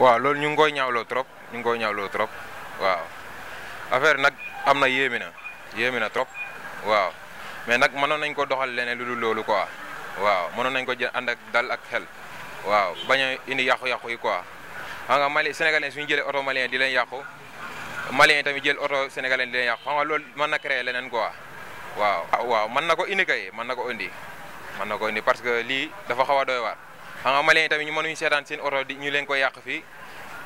waaw loolu ñu ngi koy ñaawloo trop ñu ngi koy ñaawloo trop waaw affaire nag am na yéemi na yéemi na trop waaw mais nag mënoon nañ ko doxal leneen lu dul loolu quoi waaw mënoon nañ ko jël ànd ak dal ak xel waaw bañ indi yàqu-yàqu yi quoi xam nga Mali sénégalais suñu jëlee oto malien di leen yàqu malien tamit jël oto sénégalais di leen yàqu xam nga loolu na créer leneen quoi waaw. waaw mën na ko indi kay mën na ko indi mën na ko indi parce que lii dafa xaw a doy waar. xam nga malien yi tamit ñu mënuñu seetaan seen oto di ñu leen ko yàq fii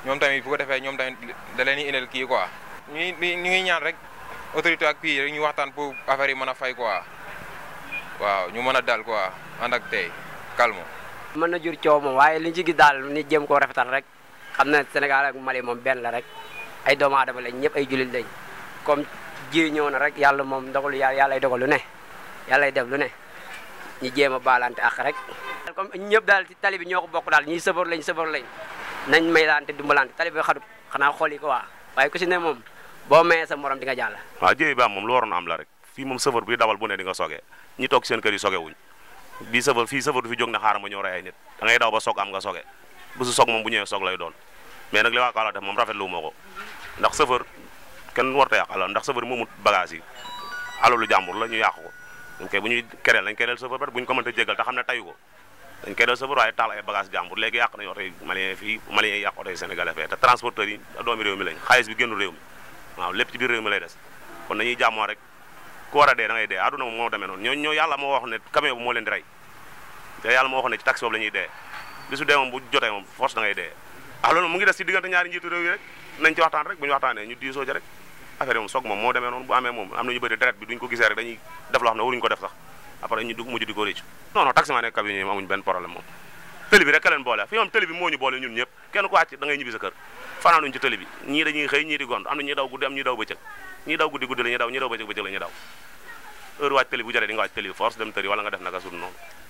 ñoom tamit bu defee ñoom tamit da leen di indil kii quoi ñu ñu ngi ñaan rek autorité ak kii rek ñu waxtaan pour affaire yi mën a fay quoi waaw ñu mën a dal quoi ànd ak tey calme. mën na jur coow moom waaye liñ ci gis daal ni jéem koo rafetal rek xam na Sénégal ak Mali moom benn la rek ay doomu aadama lañ ñëpp ay jullit lañ comme ji ñëw na rek yàlla moom dogal yàlla yàlla ay dogal ne yàlla ay def lu ne ñu jéem a baalante ak rek. daal comme ñëpp daal ci tali bi ñoo ko bokk daal ñii sëfoor lañ sëfoor lañ nañ may daan te dimbalante tali bi xadut xanaa xool yi ko waa waaye ku si ne moom boo mayee morom di nga jàll waaw jéey moom lu waroon am la rek fii moom sëfoor bi dawal bu ne di nga soge ñi toog seen kër yi soge wuñ bii sëfoor fii sëfoor du fi jóg na xaaral ma ñëw rey ay nit da daw ba soog am ga soge bu su soog moom bu ñëwee soog lay doon mais nag li waa Kaolack def moom rafetlu ma ko ndax sëfoor kenn warta yàq alal ndax sëfoor moomut bagage yi alalu jàmbur la ñu yàq ko ñu koy bu ñuy kereel lañ kereel sëfoor bu ñu ko mënta jégal te xam ne tayu ko dañ koy def sa bor waaye taal ay bagage jàmbur léegi yàq nañu oto yi malien fii malien yi yàq oto yi sénégalais réew mi lañ xaalis bi génnu réew mi waaw des kon nañuy jàmmoo rek ku war a dee da dee àdduna moom moo demee noonu ñoo ñoo yàlla moo wax ne camion bu moo leen di rey te yàlla moo wax ne ci taxi boobu la ñuy dee bisu dee moom bu jotee moom force ah, rek nañ ci waxtaan rek bu ñu waxtaanee moom soog moom moo demee noonu bu amee moom am nañu bëri deret bi duñ ko gisee rek dañuy def loo xam ne waruñu ko def sax après ñu dugg mujj di ko rëcc non non taximan benn problème moom tëli boole fi moom tëli bi boole ñun ñëpp kenn ku wàcc da ngay ñibbi sa kër fanaanuñ ci tëli gond am na ñuy am ñuy daw bëccëg ñii daw la ñuy daw ñii daw la ñuy wala nga def naka noonu